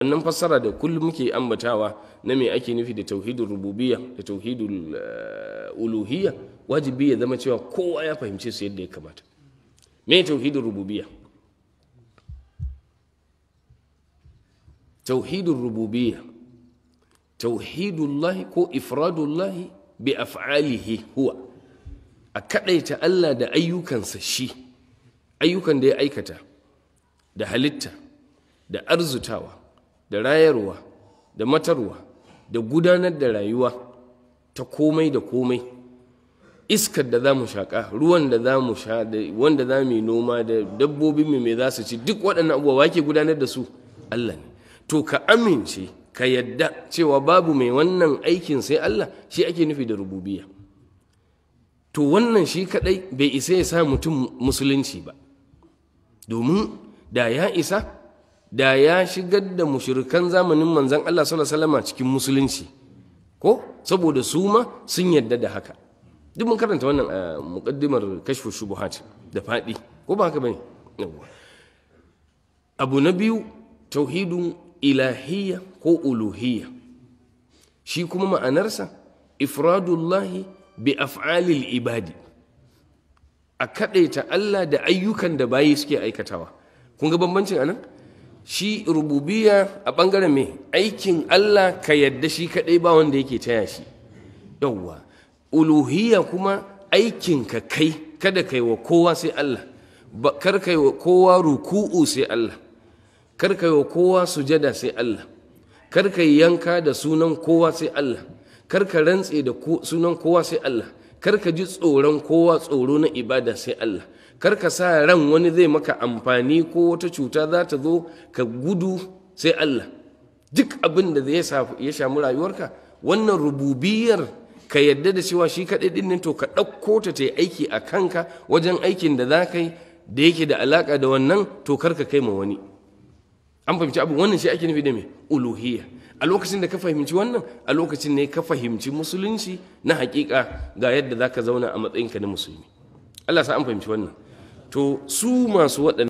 wannan fassara da kullum muke ambatawa na me ake nufi da tauhidul rububiyya da tauhidul eh, uluhiyya wajibi ya zama cewa kowa ya fahimce su yadda ya kamata me tauhidul rububiyya tauhidul rububiyya tauhidullahi ko ifradullahi bi af'alihi huwa a kadaita Allah da ayyukansa shi ayyukan da ya aikata da halitta da arzutawa da rayarwa da matarwa da gudanar da rayuwa ta komai da komai iskar da za mu shaƙa ruwan da za mu sha da wanda za mu yi noma da dabbobin mai za su ci duk waɗannan abubuwa ke gudanar da su Allah ne to ka amince ka yadda cewa babu mai wannan aikin sai Allah shi ake nufi da rububiya to wannan shi kaɗai bai isa ya sa mutum musulunci ba domin da ya isa da ya shigar da mushrikan zamanin manzon Allah sallallahu alaihi wasallam cikin musulunci ko saboda su ma sun yarda da haka duk mun karanta wannan ah, muqaddimar kashfu shubuhat da fadi ko ba haka bane abu na biyu tauhidun ilahiyya ko uluhiyya shi kuma ma'anarsa ifradullahi bi af'alil ibadi a kaɗaita Allah da ayyukan da bayi suke aikatawa kun ga bambancin anan shi rububiya a ɓangaren mai aikin Allah ka yadda shi kaɗai ba wanda yake taya shi yauwa uluhiya kuma aikin ka kai kada kai wa kowa sai Allah kar kai wa kowa ruku'u sai Allah kar kai wa kowa sujada sai Allah kar kai yanka da sunan kowa sai Allah kar ka rantse da sunan kowa sai Allah kar ka ji tsoron kowa tsoro na ibada sai Allah kar ka sa ran wani zai maka amfani ko wata cuta za ta zo ka gudu sai Allah duk abin da ya samu rayuwarka wannan rububiyar ka yadda da cewa shi kaɗai ɗin ne to ka ɗauko ta ta aiki a kanka wajen aikin da za ka yi da yake da alaƙa da wannan to kar ka kai ma wani an fahimci abin wannan shi ake nufi da mai uluhiyya a lokacin da ka fahimci wannan a lokacin ne ka fahimci musulunci na hakika ga yadda za ka zauna a matsayinka na musulmi Allah sa an fahimci wannan to su masu waɗannan